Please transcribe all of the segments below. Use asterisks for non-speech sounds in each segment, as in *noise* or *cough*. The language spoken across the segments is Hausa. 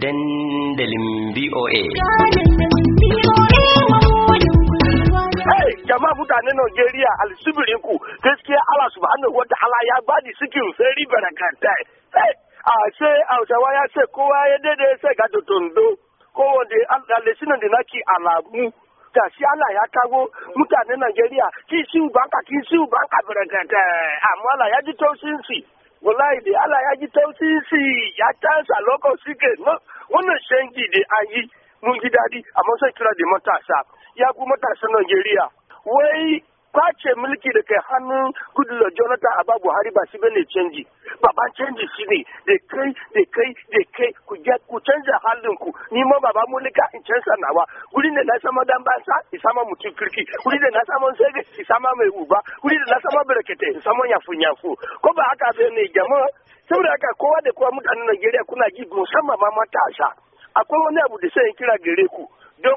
dandalin VOA. jama'a mutanen Najeriya alsibirin ku gaskiya Allah subhanahu wa ta'ala ya bani sikin fari barakatai. A ce ase ya ce kowa ya daidai ya sai ga totondo kowanne alisinan da naki alamu ga shi ala ya kawo mutanen Najeriya kishin banka kishin banka barakatai amma Allah ya ji taushin wallahi da Allah ya ji tausisi ya tansa lokaci sike wannan shangi da an yi mun ji daɗi amma sai kira da matasa ya ku matasan Najeriya wai kwace mulki da kai hannun goodluck jonathan abba buhari ba shi ne canji baban canji shi ne da kai da kai da kai ku ga ku canza halin ku ni ma baba mulka in canza nawa guri da na sama dan ba sa sama mutum kirki guri da na sama sai i sama mai uba guri da na sama i sama yafu yafu ko ba haka sai ne jama'a saboda haka kowa da kowa mutanen Najeriya kuna ji musamman ma matasa akwai wani abu da sai kira gare ku don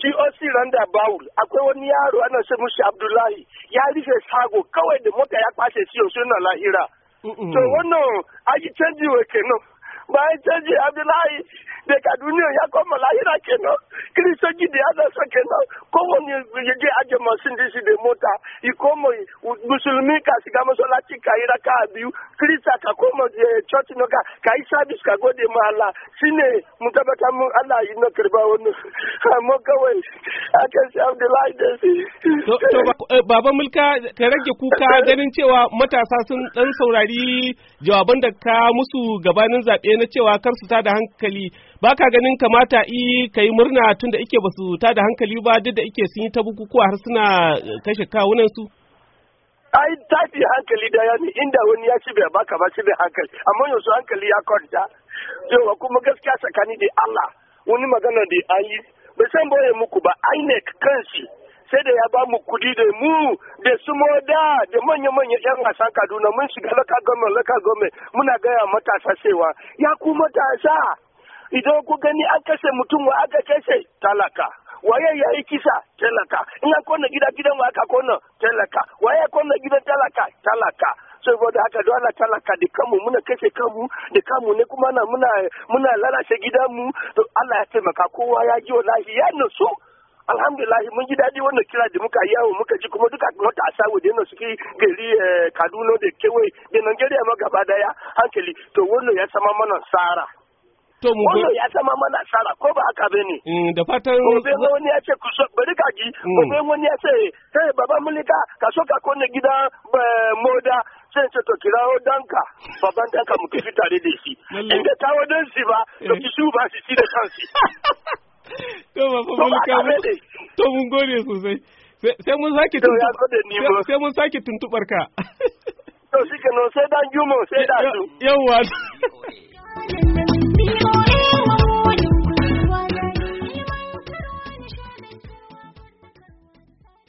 GOC Randa Bawul akwai wani yaro ana ce mushi Abdullahi ya rufe shago kawai da mota ya kwashe ciwo suna lahira. To wannan aji canji wa kenan bayan canji abdullahi da i ya koma lahira kenan kiristoci da ya zasa kenan kowane ya je aje masin disi da mota ya koma musulmi ka shiga masallaci ka yi raka biyu ka koma ka ka yi sabis ka gode ma Allah mutabata mu Allah *laughs* Eh, Baba Mulka ka rage kuka *laughs* ganin cewa matasa sun dan saurari jawaban da ka musu gabanin zaɓe na cewa kar su tada hankali. Ba ka ganin kamata i ka yi murna tun da ike ba su tada hankali ba duk da ike sun yi ta bukukuwa har suna eh, kashe kawunan su. ai tafi hankali da yani inda wani ya ci bai baka ba ci bai hankali amma yanzu hankali ya kwanta cewa kuma gaskiya tsakani da Allah wani magana da Ali bai san boye muku ba INEC kansu sai da ya ba mu kudi da mu da su moda da manya-manya 'yan wasan kaduna mun shiga laka gome laka gome muna gaya matasa cewa ya ku matasa idan ku gani an kashe mutum wa aka kashe talaka waye ya yi kisa talaka in an kona gida gidan wa aka kona talaka waye ya kona gidan talaka talaka saboda haka dole talaka da kanmu muna kashe kanmu da kanmu ne kuma muna muna lalace gidanmu to Allah ya taimaka kowa ya ji wallahi ya nasu alhamdulillah mun ji daɗi wannan kira da muka yawo muka ji kuma duka wata a samu da suke gari eh, kaduna da kewaye da nigeria ma gaba daya hankali to wannan ya sama mana sara to mu wannan ya sama mana sara ko ba haka bane mm, da fatan gobe wani ya ce ku so bari ka ji mm. gobe wani ya ce hey eh, baba mulika ka so ka kone gida eh, moda sai ce to kirawo danka baban danka mu tafi tare da shi in ga tawo shi ba to kisu shi ba shi da kansu *laughs* to mun gode sosai sai mun sake sai mun sake tuntubar ka to shi sai dan jumo sai da su yawa